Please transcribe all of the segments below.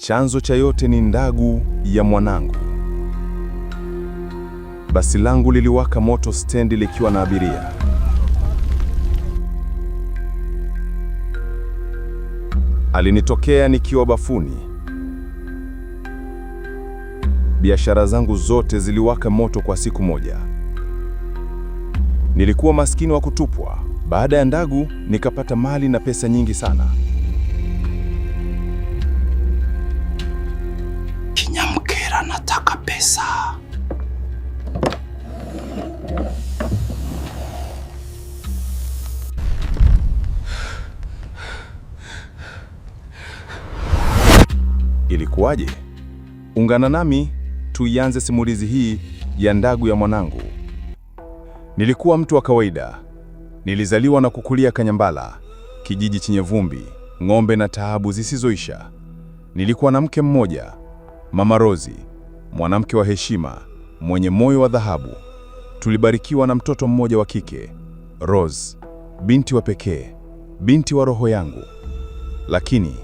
chanzo cha yote ni ndagu ya mwanangu. Basi langu liliwaka moto stendi likiwa na abiria. Alinitokea nikiwa bafuni. Biashara zangu zote ziliwaka moto kwa siku moja. Nilikuwa maskini wa kutupwa. Baada ya ndagu nikapata mali na pesa nyingi sana. ça. Ilikuwaje? Ungana nami tuianze simulizi hii ya Ndagu ya Mwanangu. Nilikuwa mtu wa kawaida. Nilizaliwa na kukulia Kanyambala, kijiji chenye vumbi, ng'ombe na taabu zisizoisha. Nilikuwa na mke mmoja, Mama Rosie mwanamke wa heshima mwenye moyo wa dhahabu. Tulibarikiwa na mtoto mmoja wa kike, Rose, binti wa pekee, binti wa roho yangu. Lakini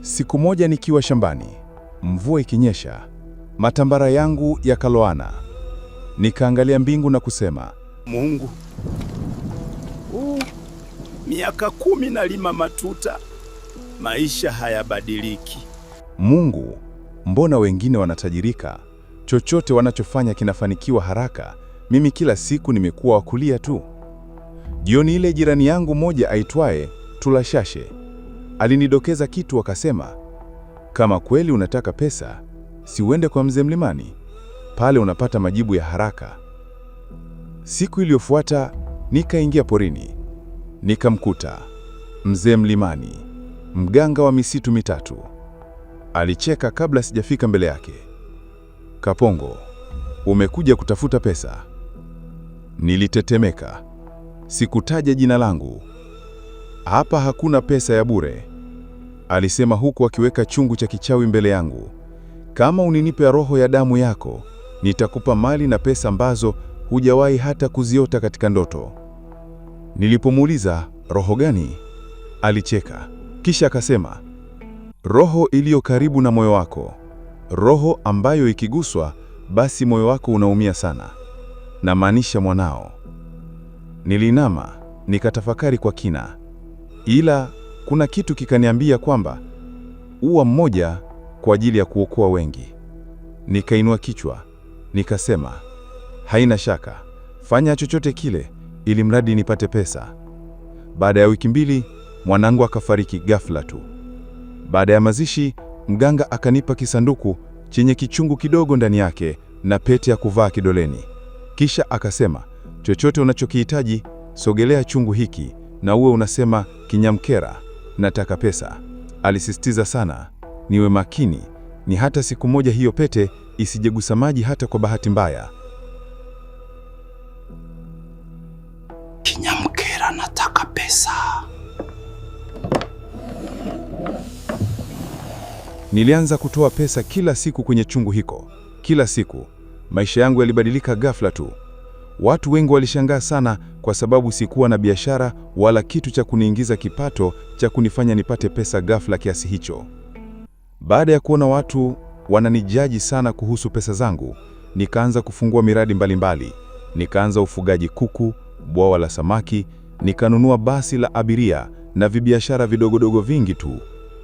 siku moja nikiwa shambani, mvua ikinyesha, matambara yangu yakaloana. Nikaangalia mbingu na kusema, Mungu, uh, miaka kumi nalima matuta, maisha hayabadiliki. Mungu Mbona wengine wanatajirika, chochote wanachofanya kinafanikiwa haraka, mimi kila siku nimekuwa wakulia tu? Jioni ile jirani yangu mmoja aitwaye Tulashashe alinidokeza kitu, akasema, kama kweli unataka pesa, si uende kwa mzee Mlimani, pale unapata majibu ya haraka. Siku iliyofuata nikaingia porini, nikamkuta mzee Mlimani, mganga wa misitu mitatu. Alicheka kabla sijafika mbele yake. Kapongo, umekuja kutafuta pesa? Nilitetemeka. Sikutaja jina langu. Hapa hakuna pesa ya bure, alisema huku akiweka chungu cha kichawi mbele yangu. Kama uninipe roho ya damu yako, nitakupa mali na pesa ambazo hujawahi hata kuziota katika ndoto. Nilipomuuliza roho gani, alicheka kisha akasema roho iliyo karibu na moyo wako, roho ambayo ikiguswa basi moyo wako unaumia sana. Namaanisha mwanao. Nilinama nikatafakari kwa kina, ila kuna kitu kikaniambia kwamba uwa mmoja kwa ajili ya kuokoa wengi. Nikainua kichwa nikasema, haina shaka, fanya chochote kile ili mradi nipate pesa. Baada ya wiki mbili mwanangu akafariki ghafla tu. Baada ya mazishi, mganga akanipa kisanduku chenye kichungu kidogo ndani yake na pete ya kuvaa kidoleni. Kisha akasema, chochote unachokihitaji sogelea chungu hiki na uwe unasema kinyamkera, nataka pesa. Alisisitiza sana niwe makini, ni hata siku moja hiyo pete isijegusa maji hata kwa bahati mbaya. Nilianza kutoa pesa kila siku kwenye chungu hiko, kila siku. Maisha yangu yalibadilika ghafla tu. Watu wengi walishangaa sana, kwa sababu sikuwa na biashara wala kitu cha kuniingiza kipato cha kunifanya nipate pesa ghafla kiasi hicho. Baada ya kuona watu wananijaji sana kuhusu pesa zangu, nikaanza kufungua miradi mbalimbali. Nikaanza ufugaji kuku, bwawa la samaki, nikanunua basi la abiria na vibiashara vidogodogo vingi tu.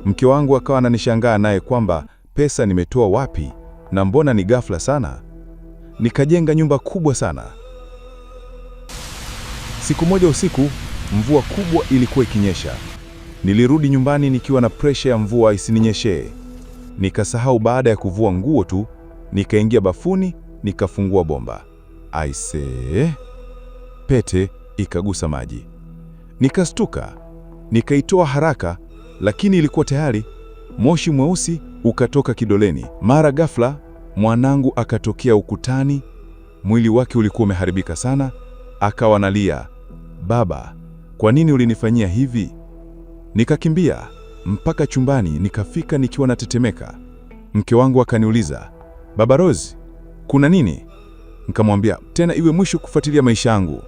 Mke wangu akawa ananishangaa naye kwamba pesa nimetoa wapi na mbona ni ghafla sana. Nikajenga nyumba kubwa sana. Siku moja usiku, mvua kubwa ilikuwa ikinyesha. Nilirudi nyumbani nikiwa na presha ya mvua isininyeshee. Nikasahau baada ya kuvua nguo tu, nikaingia bafuni, nikafungua bomba. Aisee, pete ikagusa maji. Nikastuka, nikaitoa haraka lakini ilikuwa tayari. Moshi mweusi ukatoka kidoleni. Mara ghafla, mwanangu akatokea ukutani. Mwili wake ulikuwa umeharibika sana, akawa analia, baba, kwa nini ulinifanyia hivi? Nikakimbia mpaka chumbani, nikafika nikiwa natetemeka. Mke wangu akaniuliza, baba Rose, kuna nini? Nikamwambia, tena iwe mwisho kufuatilia maisha yangu.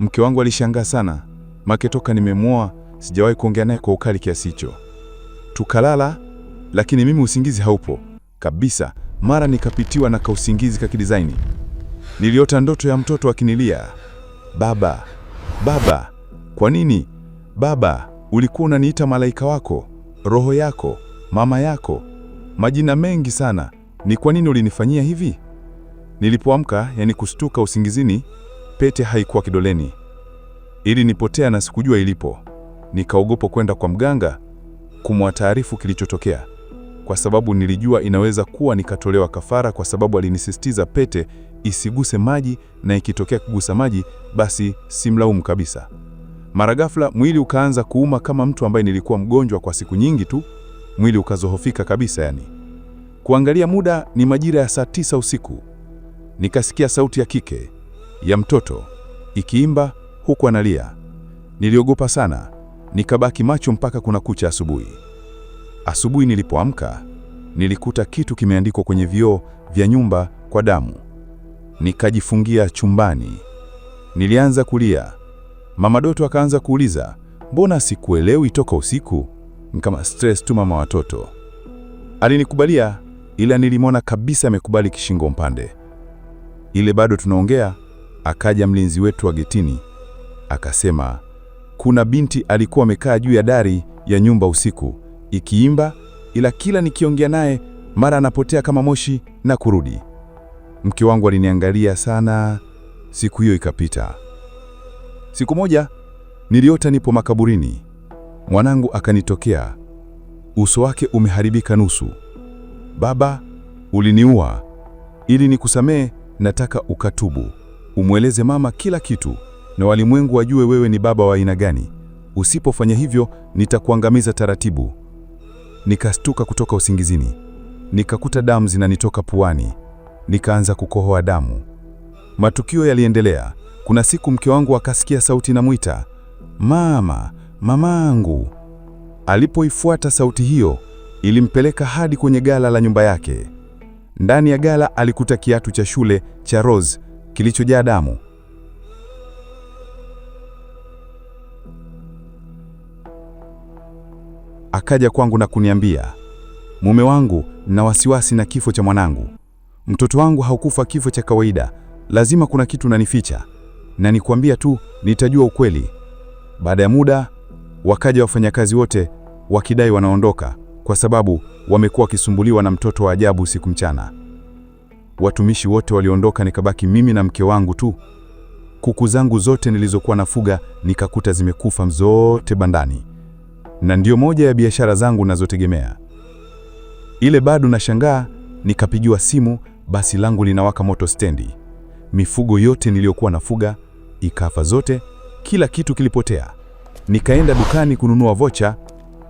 Mke wangu alishangaa sana, maketoka nimemwoa sijawahi kuongea naye kwa ukali kiasi hicho. Tukalala, lakini mimi usingizi haupo kabisa. Mara nikapitiwa na kausingizi ka kidizaini. Niliota ndoto ya mtoto akinilia, baba, baba, kwa nini baba? Ulikuwa unaniita malaika wako, roho yako, mama yako, majina mengi sana. Ni kwa nini ulinifanyia hivi? Nilipoamka, yani kustuka usingizini, pete haikuwa kidoleni, ilinipotea na sikujua ilipo nikaogopa kwenda kwa mganga kumwataarifu kilichotokea, kwa sababu nilijua inaweza kuwa nikatolewa kafara, kwa sababu alinisisitiza pete isiguse maji, na ikitokea kugusa maji, basi simlaumu kabisa. Mara ghafla mwili ukaanza kuuma kama mtu ambaye nilikuwa mgonjwa kwa siku nyingi tu, mwili ukazohofika kabisa. Yani kuangalia muda, ni majira ya saa tisa usiku. Nikasikia sauti ya kike ya mtoto ikiimba huku analia. Niliogopa sana nikabaki macho mpaka kuna kucha asubuhi. Asubuhi nilipoamka nilikuta kitu kimeandikwa kwenye vioo vya nyumba kwa damu. Nikajifungia chumbani, nilianza kulia. Mama Doto akaanza kuuliza, mbona sikuelewi toka usiku? Nikama stress tu, mama watoto. Alinikubalia, ila nilimwona kabisa amekubali kishingo mpande. Ile bado tunaongea, akaja mlinzi wetu wa getini akasema kuna binti alikuwa amekaa juu ya dari ya nyumba usiku ikiimba, ila kila nikiongea naye mara anapotea kama moshi na kurudi. Mke wangu aliniangalia sana. Siku hiyo ikapita. Siku moja niliota nipo makaburini, mwanangu akanitokea, uso wake umeharibika nusu. Baba, uliniua, ili nikusamee, nataka ukatubu, umweleze mama kila kitu na walimwengu wajue wewe ni baba wa aina gani. Usipofanya hivyo, nitakuangamiza taratibu. Nikastuka kutoka usingizini, nikakuta damu zinanitoka puani, nikaanza kukohoa damu. Matukio yaliendelea. Kuna siku mke wangu akasikia sauti namwita, mama, mamangu. Alipoifuata sauti hiyo, ilimpeleka hadi kwenye gala la nyumba yake. Ndani ya gala alikuta kiatu cha shule cha Rose kilichojaa damu. akaja kwangu na kuniambia, mume wangu, na wasiwasi na kifo cha mwanangu. Mtoto wangu haukufa kifo cha kawaida, lazima kuna kitu unanificha, na nikuambia tu nitajua ukweli. Baada ya muda, wakaja wafanyakazi wote wakidai wanaondoka kwa sababu wamekuwa wakisumbuliwa na mtoto wa ajabu usiku mchana. Watumishi wote waliondoka, nikabaki mimi na mke wangu tu. Kuku zangu zote nilizokuwa nafuga nikakuta zimekufa zote bandani na ndio moja ya biashara zangu nazotegemea. Ile bado nashangaa, nikapigiwa simu, basi langu linawaka moto stendi. Mifugo yote niliyokuwa nafuga ikafa zote, kila kitu kilipotea. Nikaenda dukani kununua vocha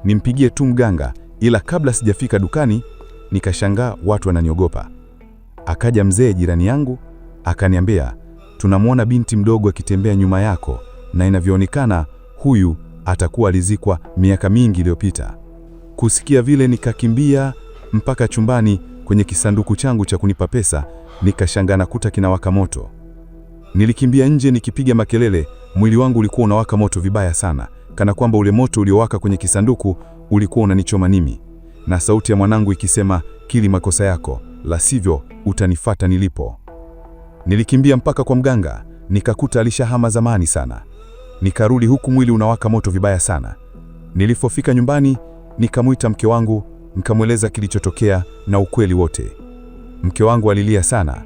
nimpigie tu mganga, ila kabla sijafika dukani nikashangaa watu wananiogopa. Akaja mzee jirani yangu akaniambia, tunamwona binti mdogo akitembea nyuma yako na inavyoonekana huyu atakuwa alizikwa miaka mingi iliyopita. Kusikia vile, nikakimbia mpaka chumbani kwenye kisanduku changu cha kunipa pesa, nikashangaa nakuta kinawaka moto. Nilikimbia nje nikipiga makelele, mwili wangu ulikuwa unawaka moto vibaya sana, kana kwamba ule moto uliowaka kwenye kisanduku ulikuwa unanichoma nimi, na sauti ya mwanangu ikisema, kili makosa yako, la sivyo utanifata nilipo. Nilikimbia mpaka kwa mganga, nikakuta alishahama zamani sana. Nikarudi huku mwili unawaka moto vibaya sana. Nilipofika nyumbani, nikamwita mke wangu, nikamweleza kilichotokea na ukweli wote. Mke wangu alilia sana,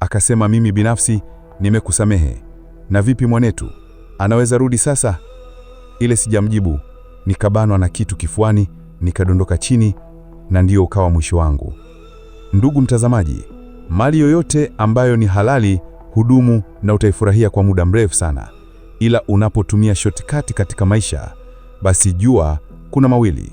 akasema, mimi binafsi nimekusamehe. Na vipi mwanetu, anaweza rudi sasa? Ile sijamjibu, nikabanwa na kitu kifuani, nikadondoka chini, na ndio ukawa mwisho wangu. Ndugu mtazamaji, mali yoyote ambayo ni halali hudumu na utaifurahia kwa muda mrefu sana. Ila unapotumia shortcut katika maisha, basi jua kuna mawili: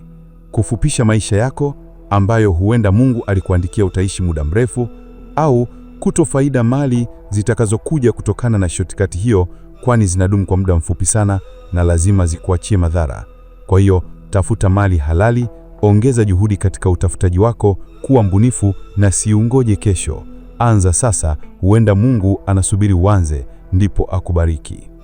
kufupisha maisha yako ambayo huenda Mungu alikuandikia utaishi muda mrefu, au kutofaida mali zitakazokuja kutokana na shortcut hiyo, kwani zinadumu kwa muda mfupi sana na lazima zikuachie madhara. Kwa hiyo tafuta mali halali, ongeza juhudi katika utafutaji wako, kuwa mbunifu na siungoje kesho. Anza sasa, huenda Mungu anasubiri uanze ndipo akubariki.